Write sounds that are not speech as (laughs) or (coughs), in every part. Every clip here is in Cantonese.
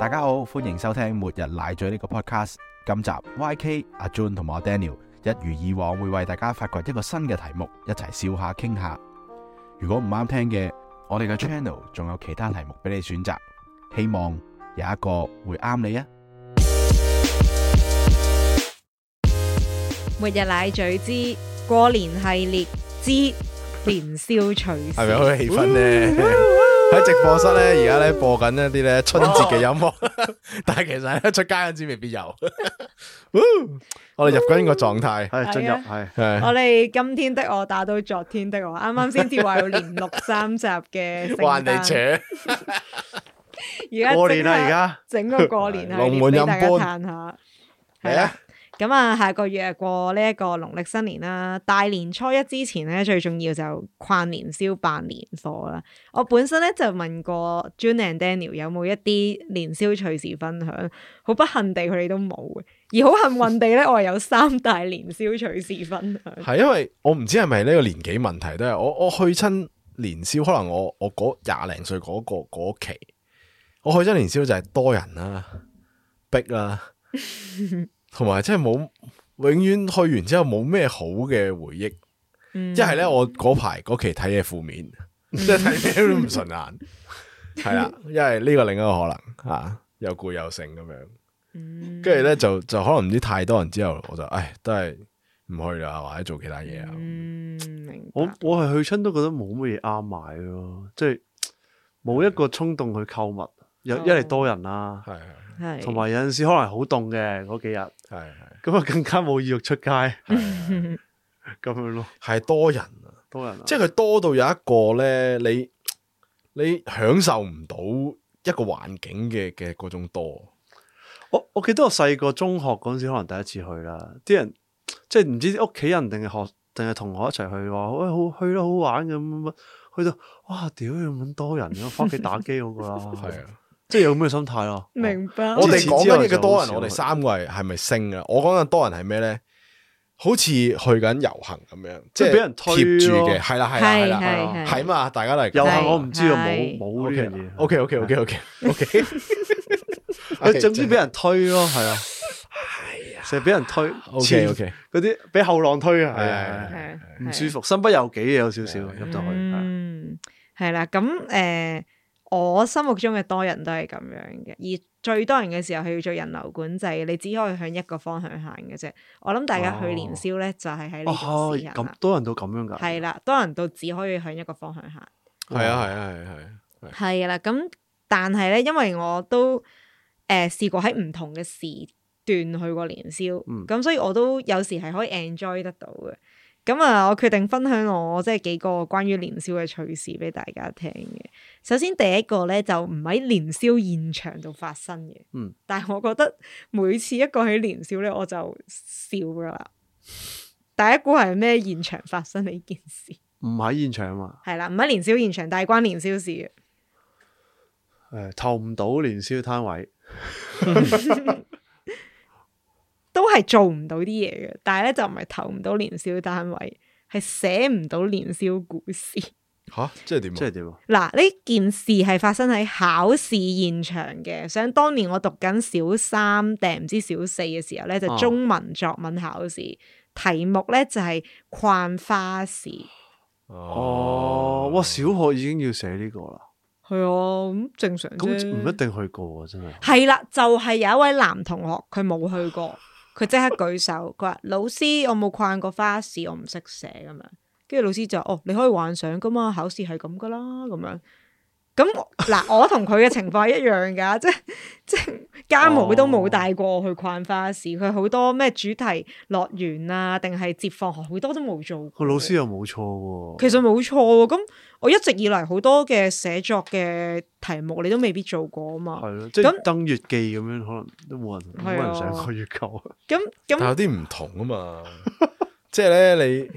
大家好，歡迎收聽《末日奶嘴》呢個 podcast。今集 YK、阿 John 同埋阿 Daniel 一如以往會為大家發掘一個新嘅題目，一齊笑下、傾下。如果唔啱聽嘅，我哋嘅 channel 仲有其他題目俾你選擇，希望有一個會啱你啊！《末日奶嘴之過年系列之年宵趣事》係咪好嘅氣氛呢？ (laughs) 喺直播室咧，而家咧播緊一啲咧春節嘅音樂，但係其實咧出街嗰啲未必有。我哋入緊個狀態，進入係。我哋今天的我打到昨天的我，啱啱先至話要連錄三集嘅，關你扯！而家過年啦，而家整個過年喇龍門飲半，嘆下係啊。咁啊，下個月過呢一個農曆新年啦，大年初一之前咧，最重要就逛年宵辦年貨啦。我本身咧就問過 June and Daniel 有冇一啲年宵趣事分享，好不幸地佢哋都冇，而好幸運地咧我有三大年宵趣事分享。係。 (laughs) 因為我唔知係咪呢個年紀問題，都係我我去親年宵，可能我我嗰廿零歲嗰個嗰期，我去親年宵就係多人啦、啊，逼啦、啊。 (laughs) 同埋即係冇永遠去完之後冇咩好嘅回憶，um, 呢一係咧我嗰排嗰期睇嘢負面，即係睇咩都唔順眼，係啦、啊。因為呢個另一個可能啊，又攰又剩咁樣，跟住咧就就可能唔知太多人之後，我就唉、哎，都係唔去啦，或者做其他嘢、嗯 oh. 啊。我我係去親都覺得冇乜嘢啱買咯，即係冇一個衝動去購物，又一係多人啦，係同埋有陣時可能好凍嘅嗰幾日。係係，咁啊更加冇意欲出街，咁的 (laughs) 樣咯。係多，多人啊，多人，即係佢多到有一個咧，你你享受唔到一個環境嘅嘅嗰種多。我我記得我細個中學嗰陣時，可能第一次去啦，啲人即係唔知屋企人定係學定係同學一齊去話，喂、哎，好去啦，好玩咁乜，去到哇，屌咁、啊、多人，翻屋企打機好過啊。 (laughs) 即係有咩心態咯？明白。我哋講緊嘅多人，我哋三個係係咪升嘅？我講緊多人係咩咧？好似去緊遊行咁樣，即係俾人貼住嘅。係啦，係啦，係啦，係嘛，大家嚟遊行我唔知啊，冇冇呢樣嘢。O K，O K，O K，O K，O K。佢總之俾人推咯，係啊，成日俾人推。O K，O K，嗰啲俾後浪推啊，係啊，係啊，唔舒服，身不由己嘅有少少入到去。嗯，係啦，咁誒。我心目中嘅多人都係咁樣嘅。而最多人嘅時候係要做人流管制，你只可以向一個方向行嘅啫。我諗大家去年宵咧，哦，就係喺呢啲時候啦，哦啊。多人都咁樣噶？係啦，多人都只可以向一個方向行。係啊係啊係係。係啦，嗯，咁但係咧，因為我都誒，呃，試過喺唔同嘅時段去過年宵，咁，嗯，所以我都有時係可以 enjoy 得到嘅。咁啊，我決定分享我即係幾個關於年宵嘅趣事俾大家聽嘅。首先第一個咧就唔喺年宵現場度發生嘅。嗯，但係我覺得每次一個喺年宵咧，我就笑噶啦。第一個係咩現場發生呢件事？唔喺現場啊嘛。係啦，唔喺年宵現場，但係關年宵事嘅。哎，投唔到年宵攤位。 (laughs) (laughs) 係做唔到啲嘢嘅，但係咧就唔係投唔到年宵單位，係寫唔到年宵故事。吓、啊，即係點？即係點？嗱，呢件事係發生喺考試現場嘅。想當年我讀緊小三定唔知小四嘅時候咧，就中文作文考試，啊、題目咧就係、是、逛花市。哦、啊，啊、哇！小學已經要寫呢個啦。係啊，咁正常唔一定去過，真係。係啦、啊，就係、是、有一位男同學，佢冇去過。佢即刻舉手，佢話：老師，我冇逛過花市，我唔識寫咁樣。跟住老師就：哦，你可以幻想㗎嘛，考試係咁㗎啦，咁樣。咁嗱，我同佢嘅情況係一樣㗎，即係即係。家務都冇帶過我去逛花市，佢好多咩主題樂園啊，定係接放學好多都冇做過。個老師又冇錯喎。其實冇錯喎，咁我一直以嚟好多嘅寫作嘅題目你都未必做過啊嘛。係咯，即係登月記咁樣，那可能都冇人冇的人想過月球。咁咁，但係有啲唔同啊嘛。即係咧，你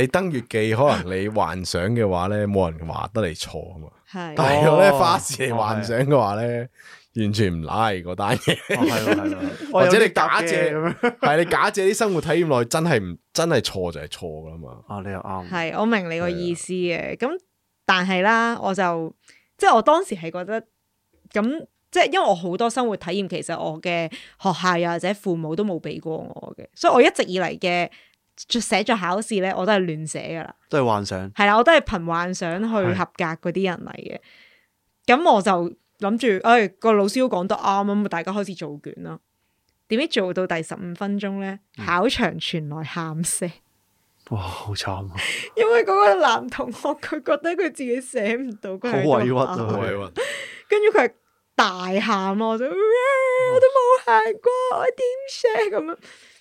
你登月記可能你幻想嘅話咧，冇人話得你錯啊嘛。係的，但係我咧花市你幻想嘅話咧。 (laughs) (laughs) 完全唔拉，嗰單嘢，或者你假借係 (laughs) 你假借啲生活體驗內真係唔真係錯就係錯噶嘛。啊，你又啱，係，我明你個意思嘅。咁的但係啦，我就即係我當時係覺得咁，即係因為我好多生活體驗，其實我嘅學校又或者父母都冇俾過我嘅，所以我一直以嚟嘅寫作考試咧，我都係亂寫噶啦，都係幻想。係啦，我都係憑幻想去合格嗰啲人嚟嘅。咁我就。諗住，哎，個老師都講得啱啊，咁大家開始做卷啦。點知做到第十五分鐘咧，嗯、考場傳來喊聲，哇，好慘啊！ (laughs) 因為嗰個男同學佢覺得佢自己寫唔到，好委屈啊，好委屈。跟住佢係大喊咯，我就哇我都冇喊過，我點寫咁樣？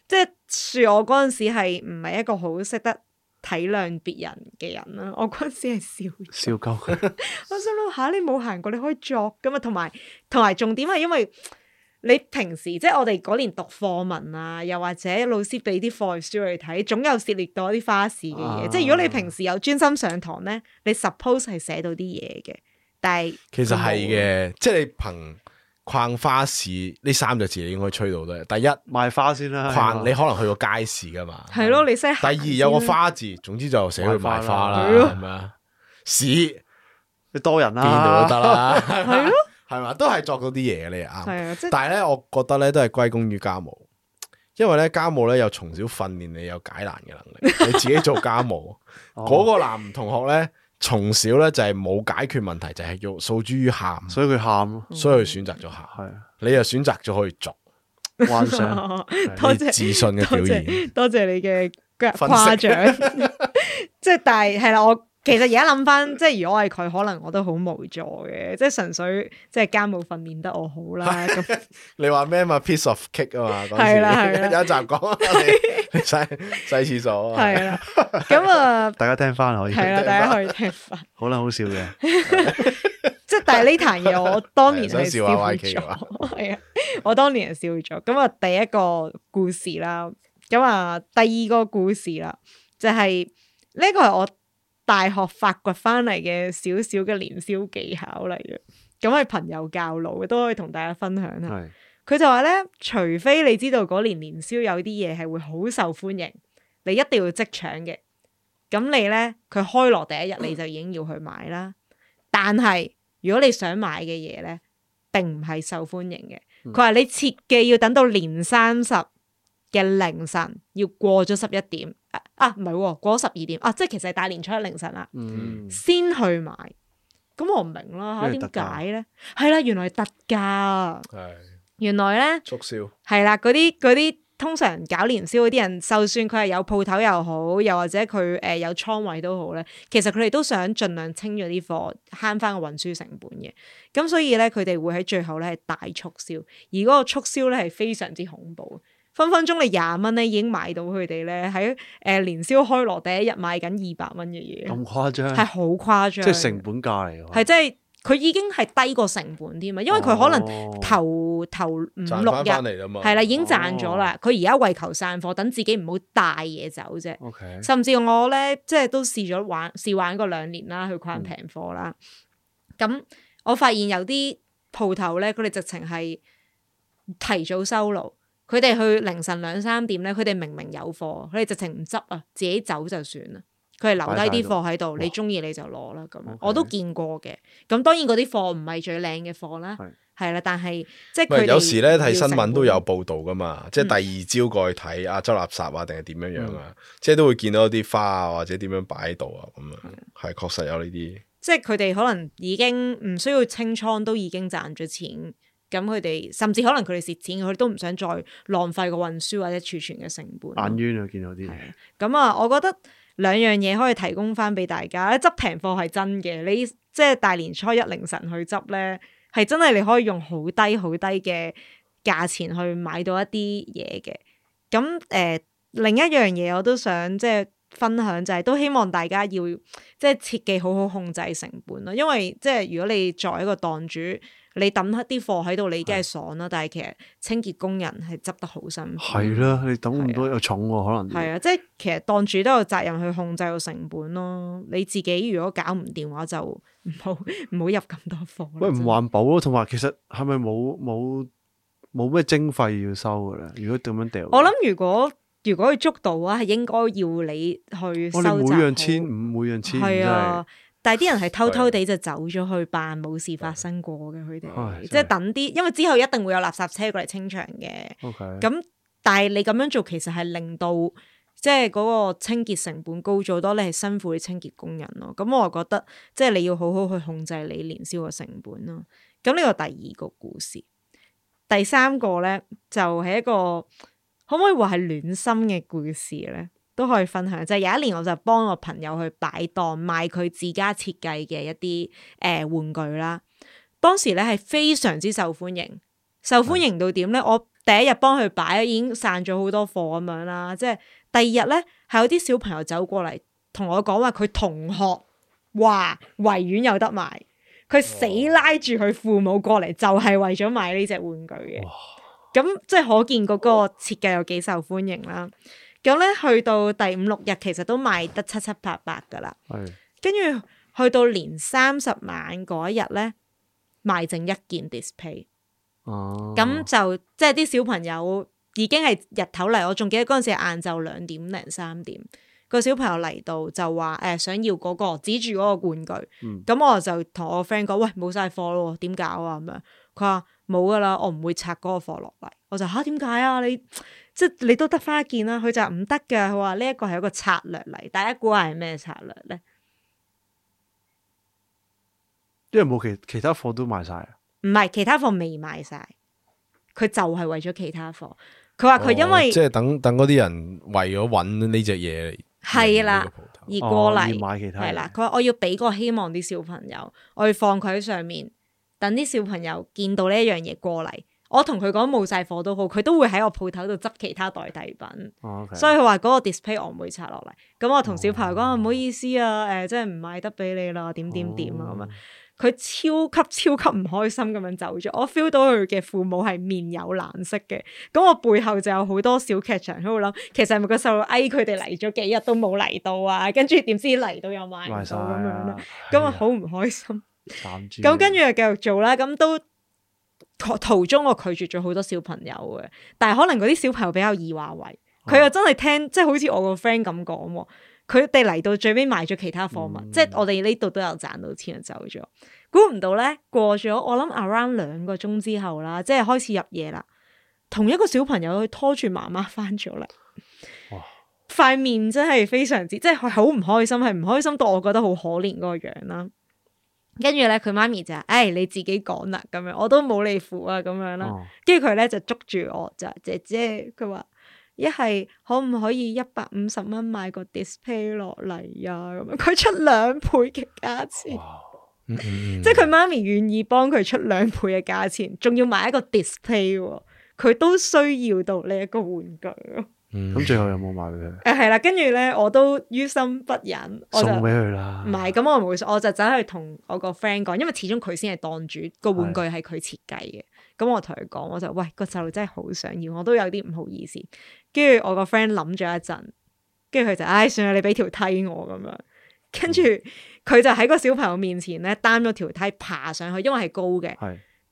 即係恕我嗰陣時係唔係一個好識得。體諒別人嘅人啦、啊，我嗰陣時係笑，笑夠。 (laughs) (laughs) 我想諗下，你冇行過，你可以作噶嘛？同埋同埋，重點係因為你平時即係我哋嗰年讀課文啊，又或者老師俾啲課外書嚟睇，總有涉獵到一啲花市嘅嘢。啊、即係如果你平時有專心上堂咧，你 suppose 係寫到啲嘢嘅，但係其實係嘅，嗯、即係你憑。逛花市呢三隻字應該吹到都，第一賣花先啦，逛你可能去過街市噶嘛？係咯，你第二有個花字，總之就寫佢賣花啦，係啊？市，你多人啦，邊度都得啦，係咪？都係作咗啲嘢你啊，但係咧，我覺得咧都係歸功於家務，因為咧家務咧又從小訓練你有解難嘅能力，你自己做家務，嗰個男同學咧。從小咧就係冇解決問題，就係、是、要訴諸於喊，所以佢喊咯，所以佢選擇咗喊。係啊、嗯，你又選擇咗去逐，彎雙上， (laughs) 多謝自信嘅表現，多謝你嘅誇獎。即係，但係係啦，我。其實而家諗翻，即係如果係佢，可能我都好無助嘅，即係純粹即係家務訓練得我好啦。 (laughs) 你話咩嘛？piece of cake 啊嘛，係啦係有一集講啊，洗洗廁所係啊，咁啊，嗯、大家聽翻可以，係啦，大家可以聽翻。 (laughs) 好啦，好笑嘅，即 (laughs) 係 (laughs) (laughs) 但係呢壇嘢我當年係笑咗，係啊， (laughs) 我當年係笑咗。咁、嗯、啊，第一個故事啦，咁、嗯、啊、嗯，第二個故事啦，就係、是、呢個係我。大學發掘翻嚟嘅少少嘅年宵技巧嚟嘅，咁係朋友教路嘅，都可以同大家分享啦。佢是就話咧，除非你知道嗰年年宵有啲嘢，係會好受歡迎，你一定要即搶嘅。咁你咧，佢開鑼第一日你就已經要去買啦。但係如果你想買嘅嘢咧，並唔係受歡迎嘅。佢話、嗯、你切記要等到年三十嘅凌晨要過咗十一點。啊，唔係喎，過咗十二點啊，即係其實係大年初一凌晨啦，嗯、先去買，咁我唔明咯吓，點解咧？係啦，原來係特價，係的原來咧促銷，係啦消，嗰啲嗰啲通常搞年宵嗰啲人，就算佢係有鋪頭又好，又或者佢誒、呃、有倉位都好咧，其實佢哋都想盡量清咗啲貨，慳翻個運輸成本嘅，咁所以咧，佢哋會喺最後咧係大促銷，而嗰個促銷咧係非常之恐怖。分分鐘你廿蚊咧已經買到佢哋咧喺誒年宵開鑼第一日賣緊二百蚊嘅嘢，咁誇張係好誇張，即係成本價嚟嘅，係即係佢已經係低過成本添啊，因為佢可能頭頭、哦、五六日賺翻嚟啦嘛。係啦，已經賺咗啦。佢而家為求散貨，等自己唔好帶嘢走啫。Okay. 甚至我咧即係都試咗玩試玩過兩年啦，去逛平貨啦。咁、嗯、我發現有啲鋪頭咧，佢哋直情係提早收爐。佢哋去凌晨兩三點咧，佢哋明明有貨，佢哋直情唔執啊，自己走就算啦。佢係留低啲貨喺度，哇你中意你就攞啦。咁 okay, 我都見過嘅。咁當然嗰啲貨唔係最靚嘅貨啦，係啦是。但係即係佢有時咧睇新聞都有報道噶嘛，嗯、即係第二朝過去睇啊，周垃圾啊，定係點樣樣啊？嗯、即係都會見到啲花啊，或者點樣擺喺度啊？咁啊，係確實有呢啲。即係佢哋可能已經唔需要清倉，都已經賺咗錢。咁佢哋甚至可能佢哋蝕錢，佢哋都唔想再浪費個運輸或者儲存嘅成本。眼冤啊，見到啲嘢。咁啊，我覺得兩樣嘢可以提供翻俾大家，一、執平貨係真嘅。你即係大年初一凌晨去執咧，係真係你可以用好低好低嘅價錢去買到一啲嘢嘅。咁誒、呃，另一樣嘢我都想即係分享、就是，就係都希望大家要即係切記好好控制成本咯。因為即係如果你作為一個檔主。你抌啲貨喺度，你梗係爽啦。的但係其實清潔工人係執得好辛苦。係啦的，你抌咁多又重喎，可能。係啊，即係其實檔主都有責任去控制個成本咯。你自己如果搞唔掂話就，就唔好唔好入咁多貨。喂，唔環保咯，同埋其實係咪冇冇冇咩徵費要收嘅咧？如果點樣掉？我諗如果如果佢捉到嘅話，係應該要你去收啲。我每樣千五，每樣千五。但係啲人係偷偷地就走咗去扮冇事發生過嘅，佢哋即係等啲，對因為之後一定會有垃圾車過嚟清場嘅。咁 Okay. 但係你咁樣做其實係令到即係嗰個清潔成本高咗多，你係辛苦啲清潔工人咯。咁我係覺得即係、就是、你要好好去控制你年宵嘅成本咯。咁呢個第二個故事，第三個咧就係、是、一個可唔可以話係暖心嘅故事咧？都可以分享，就係、是、有一年我就幫我朋友去擺檔賣佢自家設計嘅一啲誒、呃、玩具啦。當時咧係非常之受歡迎，受歡迎到點咧？我第一日幫佢擺已經散咗好多貨咁樣啦。即係第二日咧，係有啲小朋友走過嚟同我講話，佢同學話維園有得賣，佢死拉住佢父母過嚟，就係、是、為咗買呢隻玩具嘅。咁哇即係可見嗰個設計有幾受歡迎啦。咁咧，去到第五六日，其實都賣得七七八八噶啦。係的。跟住去到年三十晚嗰一日咧，賣剩一件 display、啊。哦。咁就即係啲小朋友已經係日頭嚟，我仲記得嗰陣時係晏晝兩點零三點，個小朋友嚟到就話：誒、呃，想要嗰、那個，指住嗰個玩具。嗯。咁我就同我 friend 講：喂，冇晒貨咯，點搞啊？咁樣，佢話冇噶啦，我唔會拆嗰個貨落嚟。我就吓，點解啊？你即係你都得翻一件啦、啊。佢就唔得嘅。佢話呢一個係一個策略嚟。大家估下係咩策略咧？因為冇其其他貨都賣晒？啊？唔係其他貨未賣晒。佢就係為咗其他貨。佢話佢因為、哦、即係等等嗰啲人為咗揾呢隻嘢嚟，係啦的而過嚟、哦、買其他嘢啦。佢話我要俾個希望啲小朋友，我要放佢喺上面，等啲小朋友見到呢一樣嘢過嚟。我同佢講冇晒貨都好，佢都會喺我鋪頭度執其他代替品。Okay. 所以佢話嗰個 display 我唔會拆落嚟。咁我同小朋友講唔、oh. oh, 好意思啊，誒、呃，即係唔賣得俾你啦，點點點啊咁啊。佢、oh. 超級超級唔開心咁樣走咗。我 feel 到佢嘅父母係面有難色嘅。咁我背後就有好多小劇場喺度諗，其實係咪個細路哎，佢哋嚟咗幾日都冇嚟到啊？跟住點知嚟到又賣唔到咁樣啦？咁啊好唔開心。咁、哎啊、跟住又繼續做啦，咁都。途中我拒絕咗好多小朋友嘅，但係可能嗰啲小朋友比較易話為，佢、啊、又真係聽，即、就、係、是、好似我個 friend 咁講，佢哋嚟到最尾賣咗其他貨物，嗯，即係我哋呢度都有賺到錢就走咗。估唔到咧，過咗我諗 around 兩個鐘之後啦，即係開始入夜啦，同一個小朋友去拖住媽媽翻咗嚟，哇！塊面真係非常之，即係好唔開心，係唔開心到我覺得好可憐嗰個樣啦。跟住咧，佢媽咪就話誒、哎，你自己講啦，咁樣我都冇你符啊，咁樣啦。跟住佢咧就捉住我，就姐姐，佢話一係可唔可以一百五十蚊買個 display 落嚟呀？咁樣佢出兩倍嘅價錢，嗯嗯、即係佢媽咪願意幫佢出兩倍嘅價錢，仲要買一個 display，佢都需要到呢一個玩具。咁、嗯、最後有冇買俾佢？誒係啦，跟住咧我都於心不忍，我送俾佢啦。唔係，咁我唔會送，我就走去同我個 friend 講，因為始終佢先係當主，個玩具係佢設計嘅。咁的我同佢講，我就喂，個細路真係好想要，我都有啲唔好意思。跟住我個 friend 諗咗一陣，跟住佢就唉、哎、算啦，你俾條梯我咁樣。跟住佢就喺個小朋友面前咧擔咗條梯爬上去，因為係高嘅。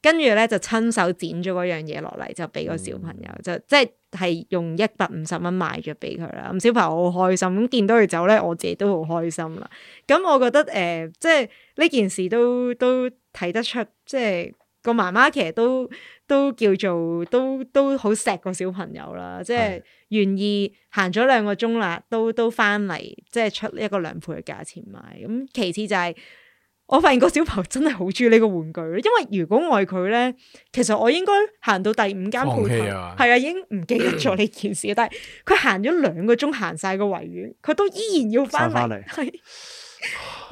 跟住咧就親手剪咗嗰樣嘢落嚟，就俾個小朋友，嗯、就即係用一百五十蚊賣咗俾佢啦。咁小朋友好開心，咁見到佢走咧，我自己都好開心啦。咁我覺得誒、呃，即係呢件事都都睇得出，即係個媽媽其實都都叫做都都好錫個小朋友啦，即係願是的 意行咗兩個鐘啦，都都返嚟即係出一個兩倍嘅價錢買。咁其次就係、是。我發現個小朋友真係好中意呢個玩具，因為如果愛佢咧，其實我應該行到第五間鋪頭，係啊，啊，已經唔記得咗呢件事。 (coughs) 但係佢行咗兩個鐘，行晒個維園，佢都依然要翻嚟。係是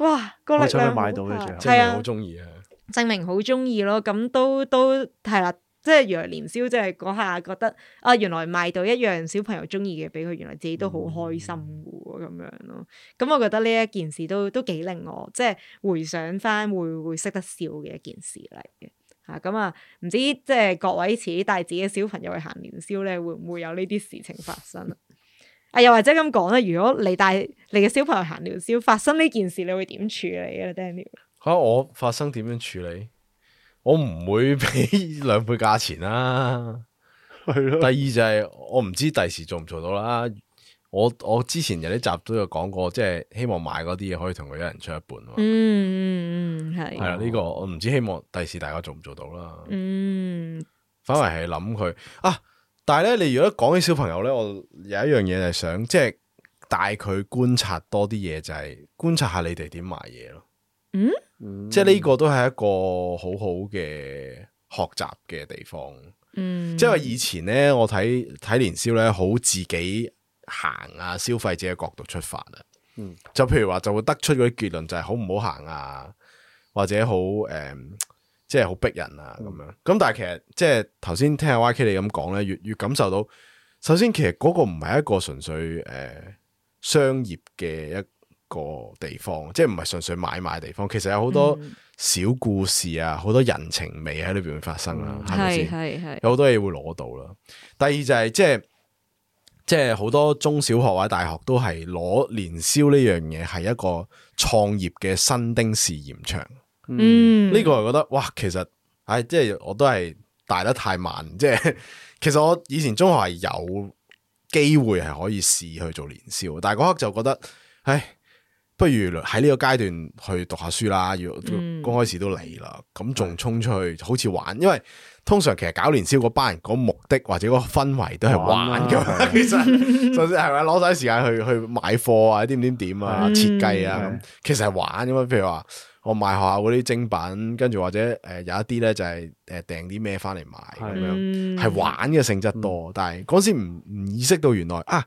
(laughs) 哇，量我想佢買到嘅，係啊，好中意啊！證明好中意咯，咁都都係啦。即係原來年宵，即係嗰下覺得啊，原來賣到一樣小朋友中意嘅俾佢，原來自己都好開心嘅喎，咁樣咯。咁我覺得呢一件事都都幾令我即係回想翻會會識得笑嘅一件事嚟嘅。吓咁啊，唔、嗯、知即係、就是、各位自己自己帶自己嘅小朋友去行年宵咧，會唔會有呢啲事情發生 (laughs) 啊？又或者咁講啦，如果你帶你嘅小朋友行年宵，發生呢件事，你會點處理 Daniel? 啊，Daniel？吓我發生點樣處理？我唔會俾兩倍價錢啦，係咯。第二就係我唔知第時做唔做到啦。我我之前有啲集都有講過，即係希望買嗰啲嘢，可以同佢一人出一半。嗯，係係呢個我唔知希望第時大家做唔做到啦。嗯，反為係諗佢啊，但係咧，你如果講起小朋友咧，我有一樣嘢係想，即係帶佢觀察多啲嘢，就係觀察下你哋點買嘢咯。嗯。嗯、即係呢個都係一個好好嘅學習嘅地方，嗯，即係以前呢，我睇睇年宵呢，好自己行啊，消費者嘅角度出發啊，嗯，就譬如話就會得出嗰啲結論，就係好唔好行啊，或者好誒、嗯，即係好逼人啊咁、嗯、樣，咁但係其實即係頭先聽阿 YK 你咁講呢，越越感受到，首先其實嗰個唔係一個純粹誒、呃、商業嘅一。個地方，即係唔係純粹買賣地方，其實有好多小故事啊，好、嗯、多人情味喺裏邊發生啦，係咪先？吧有好多嘢會攞到啦。第二就係、是、即係即係好多中小學或者大學都係攞年宵呢樣嘢係一個創業嘅新丁試驗場。嗯，呢個係覺得哇，其實唉，即係我都係大得太慢。即係其實我以前中學係有機會係可以試去做年宵，但係嗰刻就覺得唉。不如喺呢個階段去讀下書啦，要剛開始都嚟啦，咁仲衝出去、嗯、好似玩，因為通常其實搞年宵嗰班人，嗰目的或者嗰氛圍都係玩噶、啊、其實就算係咪攞晒時間去去買貨啊？點點點啊，設計啊咁，嗯、其實係玩噶嘛。譬如話我賣學校嗰啲精品，跟住或者誒有一啲咧就係誒訂啲咩翻嚟賣咁樣，係玩嘅性質多。嗯、但係嗰時唔唔意識到原來啊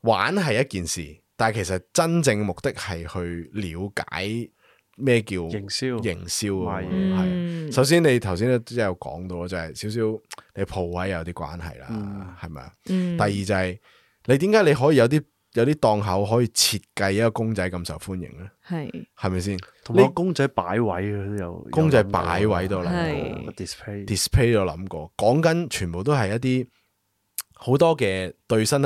玩係一件事。但係其實真正的目的係去了解咩叫營銷營銷係，首先你頭先咧都有講到，就係少少你鋪位有啲關係啦，係咪啊？嗯、第二就係、是、你點解你可以有啲有啲檔口可以設計一個公仔咁受歡迎咧？係係咪先？同埋公仔擺位都有，公仔擺位都諗過，display display 都諗過，講緊全部都係一啲。好多嘅對新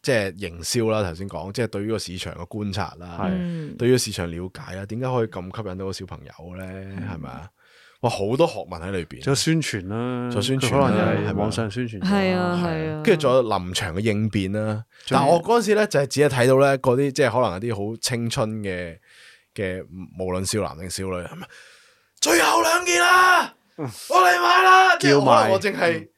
即係營銷啦，頭先講，即係對於個市場嘅觀察啦，是對於個市場了解啦，點解可以咁吸引到個小朋友咧？係咪啊？哇，好多學問喺裏邊，做宣傳啦，做宣傳啦，可能網上宣傳，係啊，係啊，跟住仲有臨場嘅應變啦。的但係我嗰陣時咧，就係只係睇到咧嗰啲，即係可能有啲好青春嘅嘅，無論少男定少女。係咪？最後兩件啦，我嚟買啦，叫 (laughs) 賣，我淨係。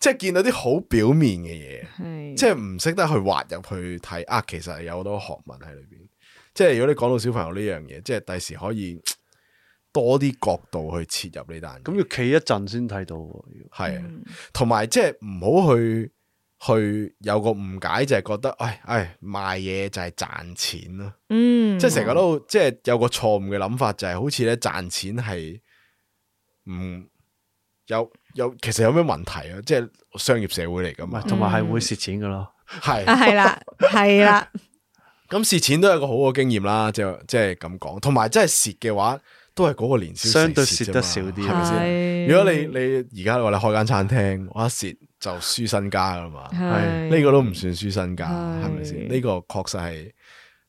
即係見到啲好表面嘅嘢，係。即係唔識得去挖入去睇啊！其實有好多學問喺裏邊。即係如果你講到小朋友呢樣嘢，即係第時可以多啲角度去切入呢單。咁要企一陣先睇到喎。係、嗯，同埋即係唔好去去有個誤解，就係覺得，唉，哎賣嘢就係賺錢咯、嗯。即係成日都即係有個錯誤嘅諗法、就係，就係好似咧賺錢係唔有。有其實有咩問題啊？即係商業社會嚟噶嘛，同埋係會蝕錢噶咯，係係啦，係啦。咁蝕錢都係一個好嘅經驗啦，即係即係咁講。同埋真係蝕嘅話，都係嗰個年宵相對蝕得少啲，係咪先？如果你你而家話你開間餐廳，我一蝕就輸身家噶嘛，係呢個都唔算輸身家，係咪先？呢個確實係。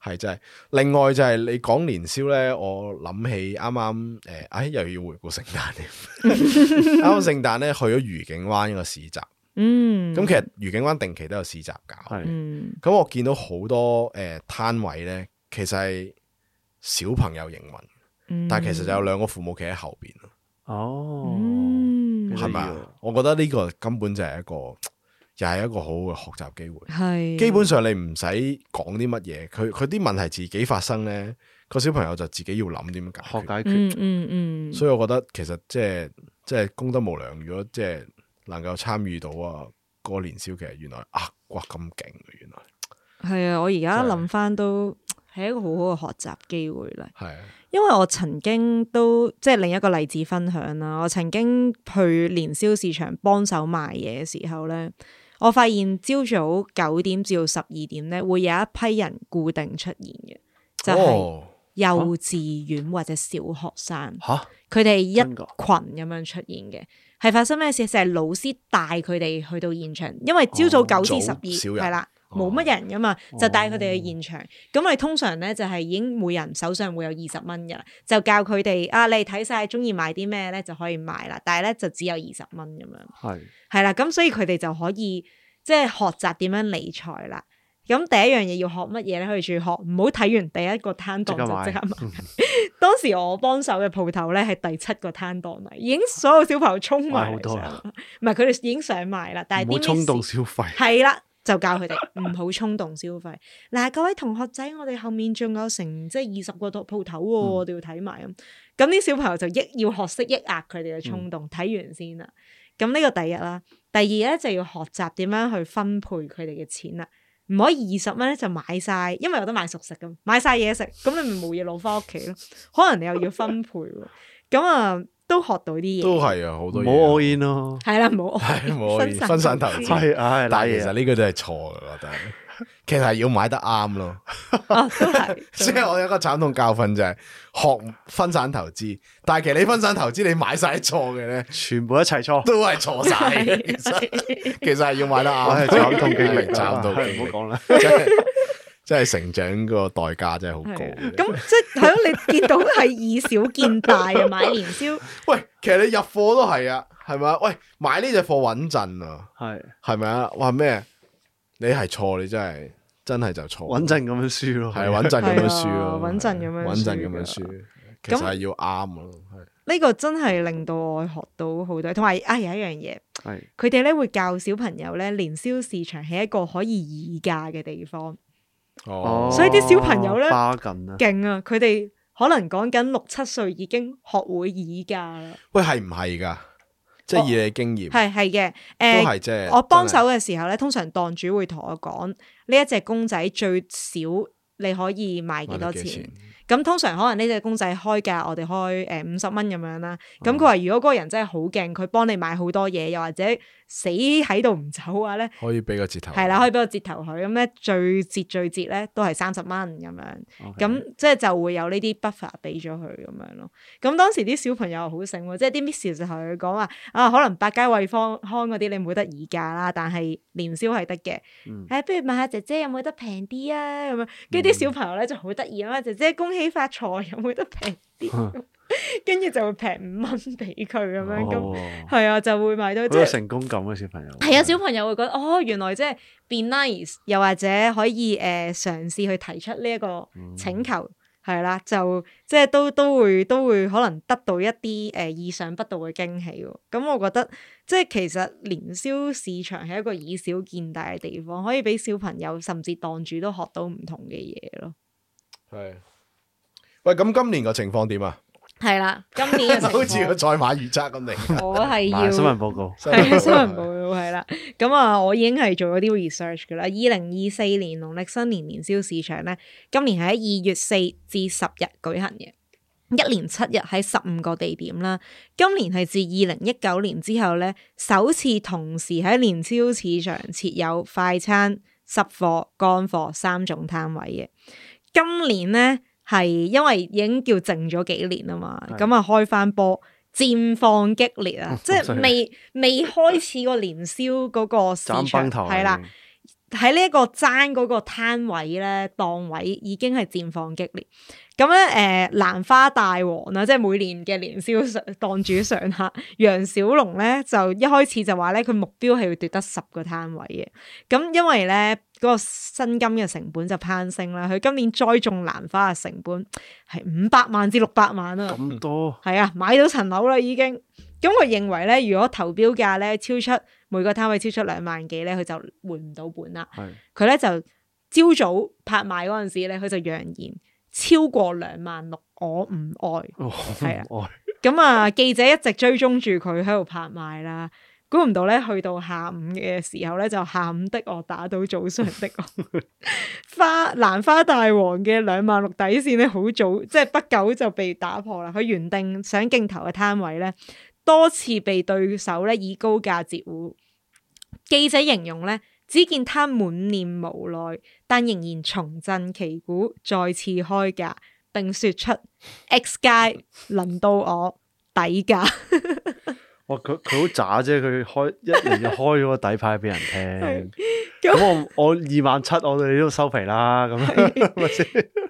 係就係，另外就係、是、你講年宵咧，我諗起啱啱誒，哎又要回顧聖誕添。啱啱聖誕咧去咗愉景灣個市集，嗯，咁、嗯、其實愉景灣定期都有市集搞，咁的、嗯、我見到好多誒攤、呃、位咧，其實係小朋友營運，嗯、但係其實就有兩個父母企喺後邊，哦，係咪、嗯？我覺得呢個根本就係一個。又係一個好好嘅學習機會，係、啊、基本上你唔使講啲乜嘢，佢佢啲問題自己發生咧，個小朋友就自己要諗點解，學解決，嗯嗯，嗯嗯，所以我覺得其實即係即係功德無量，如果即係能夠參與到啊，個年宵其實原來啊，哇咁勁、啊，原來係啊，我而家諗翻都係一個好好嘅學習機會啦，係、啊，因為我曾經都即係另一個例子分享啦，我曾經去年宵市場幫手賣嘢嘅時候咧。我發現朝早九點至到十二點咧，會有一批人固定出現嘅，就係幼稚園或者小學生，佢哋、哦啊、一群咁樣出現嘅，係、啊、發生咩事？成日老師帶佢哋去到現場，因為朝早九至十二、哦，係啦。冇乜人噶嘛，哦、就帶佢哋去現場。咁我通常咧就係、是、已經每人手上會有二十蚊噶啦，就教佢哋啊，你睇晒，中意買啲咩咧就可以買啦。但係咧就只有二十蚊咁樣。係係啦，咁所以佢哋就可以即係學習點樣理財啦。咁第一樣嘢要學乜嘢咧？佢哋要學唔好睇完第一個攤檔就即刻買。即刻買 (laughs) (laughs) 當時我幫手嘅鋪頭咧係第七個攤檔買，已經所有小朋友衝埋嚟，唔係佢哋已經想買啦，但係唔好衝動消費。係啦。就教佢哋唔好衝動消費。嗱，各位同學仔，我哋後面仲有成即係二十個鋪鋪頭喎，我都要睇埋咁。咁啲、嗯、小朋友就一要學識抑壓佢哋嘅衝動，睇完先啦。咁呢個第一啦，第二咧就要學習點樣去分配佢哋嘅錢啦。唔可以二十蚊咧就買晒，因為有得買熟食嘛。買晒嘢食，咁你咪冇嘢攞翻屋企咯。可能你又要分配喎，咁啊。都學到啲嘢，都係啊，好多嘢，啊，唔好 all in 咯。係 (noise) 啦，唔好分散分散投資，係， (noise) (laughs) 啊啊，但係其實呢個都係錯，我覺得其實係要買得啱咯，即 (laughs) 係，哦， (laughs) 我有一個慘痛教訓就係學分散投資，但係其實你分散投資，你買晒錯嘅咧，錯全部一齊錯，都係錯晒，啊啊啊， (laughs) 其實其實係要買得啱，慘痛經歷，慘到唔好講啦。真係成長個代價真係好高，咁即係響你見到係以小見大啊！買年宵。喂，其實你入貨都係啊，係咪？喂，買呢隻貨穩陣啊，係係咪啊？話咩？你係錯，你真係真係就錯，穩陣咁樣輸咯，係穩陣咁樣輸咯，穩陣咁樣，穩陣咁樣輸。其實係要啱咯，係呢個真係令到我學到好多，同埋啊有一樣嘢，係佢哋咧會教小朋友咧，年宵市場係一個可以議價嘅地方。哦、所以啲小朋友咧，勁啊！佢哋、啊、可能講緊六七歲已經學會議價啦。喂，係唔係噶？哦、即係以你經驗，係係嘅。誒，係、呃、即、就是、我幫手嘅時候咧，通常檔主會同我講，呢一隻公仔最少你可以賣幾多錢？咁通常可能呢隻公仔開價我哋開誒五十蚊咁樣啦。咁佢話如果嗰個人真係好勁，佢幫你買好多嘢，又或者。死喺度唔走嘅話咧，可以俾個折頭。係啦，可以俾個折頭佢咁咧，最折最折咧都係三十蚊咁樣。咁 Okay. 即係就會有呢啲 buffer 俾咗佢咁樣咯。咁當時啲小朋友好醒喎，即係啲 miss 就同佢講話啊，可能百佳惠康嗰啲你冇得議價啦，但係年宵係得嘅。誒、嗯哎，不如問，問下姐姐有冇得平啲啊？咁樣跟住啲小朋友咧就好得意啦。嗯、姐姐恭喜發財有有，有冇得平啲？跟住就會平五蚊俾佢咁樣，咁係啊，就會買到即係成功感啊！小朋友係啊，小朋友會覺得哦，原來即係變 nice，又或者可以誒嘗試去提出呢一個請求，係啦，就即係都都會都會可能得到一啲誒意想不到嘅驚喜喎。咁我覺得即係其實年宵市場係一個以小見大嘅地方，可以俾小朋友甚至檔主都學到唔同嘅嘢咯。係喂，咁今年個情況點啊？係啦，今年嘅 (laughs) 好似個賽馬預測咁嚟。我係要 (laughs) 新聞報告，係新聞報告，係啦。咁啊，我已經係做咗啲 research 嘅啦。二零二四年農曆新年年宵市場咧，今年係喺二月四至十日舉行嘅，一年七日喺十五個地點啦。今年係自二零一九年之後咧，首次同時喺年宵市場設有快餐、濕貨、乾貨三種攤位嘅。今年咧。係因為已經叫靜咗幾年啊嘛，咁啊是的 是開翻波，戰況激烈啊， (laughs) 即係未未開始個年宵嗰個市場係啦。喺呢一個爭嗰個攤位咧，檔位已經係戰況激烈。咁咧，誒、呃，蘭花大王啊，即係每年嘅年宵上檔主上客， (laughs) 楊小龍咧就一開始就話咧，佢目標係要奪得十個攤位嘅。咁因為咧，嗰、那個薪金嘅成本就攀升啦。佢今年栽種蘭花嘅成本係五百萬至六百萬啦，咁多？係啊，買到層樓啦已經。咁佢認為咧，如果投標價咧超出每個攤位超出兩萬幾咧，佢就換唔到本啦。佢咧是就朝早拍賣嗰陣時咧，佢就揚言超過兩萬六，我唔愛。唔愛。咁啊，啊，記者一直追蹤住佢喺度拍賣啦。估唔到咧，去到下午嘅時候咧，就下午的我打到早上的我。 (laughs) 花蘭花大王嘅兩萬六底線咧，好早即係不久就被打破啦。佢原定想競投嘅攤位咧。多次被對手咧以高價截胡，記者形容咧，只見他滿臉無奈，但仍然重振旗鼓，再次開價，並説出 X 街輪到我底價。 (laughs) 哇！佢佢好渣啫！佢開一連開咗個底牌俾人聽。咁 (laughs) 那我我二萬七，我哋都收皮啦。咁咪先。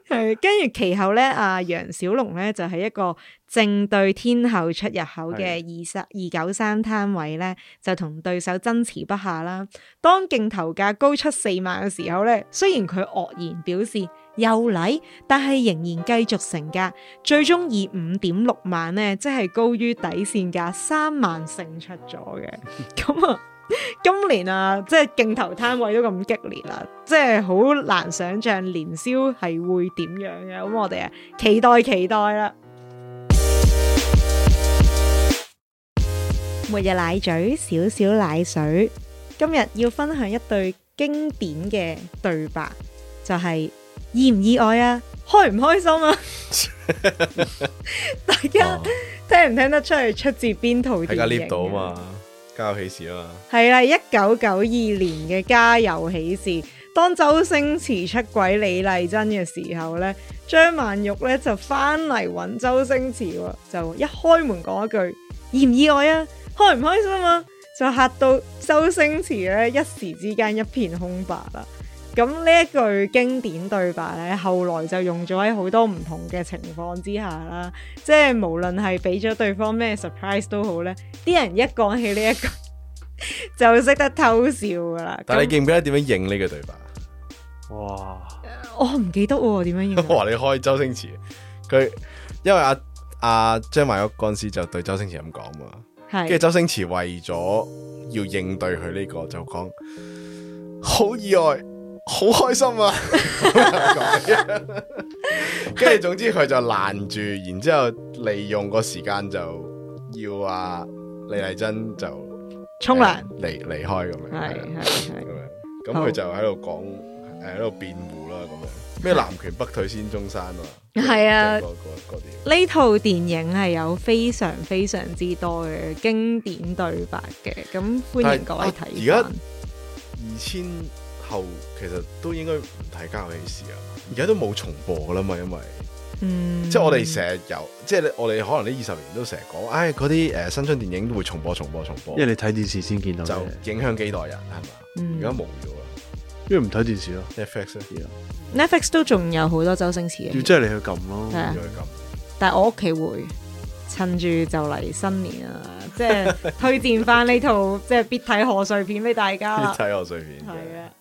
係跟住其後咧，阿、啊、楊小龍咧就係、是、一個。正對天后出入口嘅二三二九三攤位咧，就同對手爭持不下啦。當競投價高出四萬嘅時候咧，雖然佢愕然表示又嚟，但係仍然繼續成價，最終以五點六萬咧，即係高於底綫價三萬勝出咗嘅。咁 (laughs) 啊，今年啊，即係競投攤位都咁激烈啦、啊，即係好難想象年宵係會點樣嘅。咁我哋啊，期待期待啦～每日奶嘴，少少奶水。今日要分享一對經典嘅對白，就係、是、意唔意外啊？開唔開心啊？ (laughs) (laughs) 大家聽唔聽得出係出自邊套電影啊？到嘛《家有喜事》啊嘛， (laughs) 《家有喜事》啊嘛。係啦，一九九二年嘅《家有喜事》，當周星馳出軌李麗珍嘅時候咧，張曼玉咧就翻嚟揾周星馳，就一開門講一句。意唔意外啊？開唔開心啊？就嚇到周星馳咧一時之間一片空白啦。咁呢一句經典對白咧，後來就用咗喺好多唔同嘅情況之下啦。即係無論係俾咗對方咩 surprise 都好咧，啲人一講起呢、這、一句 (laughs) 就識得偷笑噶啦。但你記唔記得點樣應呢個對白？哇！我唔記得喎，點樣應？我話你開周星馳，佢因為阿、啊。阿張曼玉嗰陣時就對周星馳咁講嘛，跟住是 周星馳為咗要應對佢呢個就講好 (laughs) 意外，好開心啊！跟住總之佢就攔住，然之後利用個時間就要阿李麗珍就沖涼離離開咁樣，係係係咁咁佢就喺度講。 (noise) 誒喺度辯護啦，咁樣咩南拳北腿先中山啊，係啊，嗰啲。呢、啊、套電影係有非常非常之多嘅經典對白嘅，咁歡迎各位睇。而家二千後其實都應該唔睇家有囍事啊，而家都冇重播㗎啦嘛，因為，嗯，即係我哋成日有，即係我哋可能呢二十年都成日講，唉嗰啲誒新春電影都會重播重播重播，重播因為你睇電視先見到就影響幾代人係嘛？而家冇咗。因為唔睇電視咯，Netflix 啲咯 Netflix 都仲有好多周星馳嘅。要即係你去撳咯，的要你去撳。但係我屋企會趁住就嚟新年啊， (laughs) 即係推薦翻呢套即係必睇賀歲片俾大家。必睇賀歲片。係啊的。Yeah.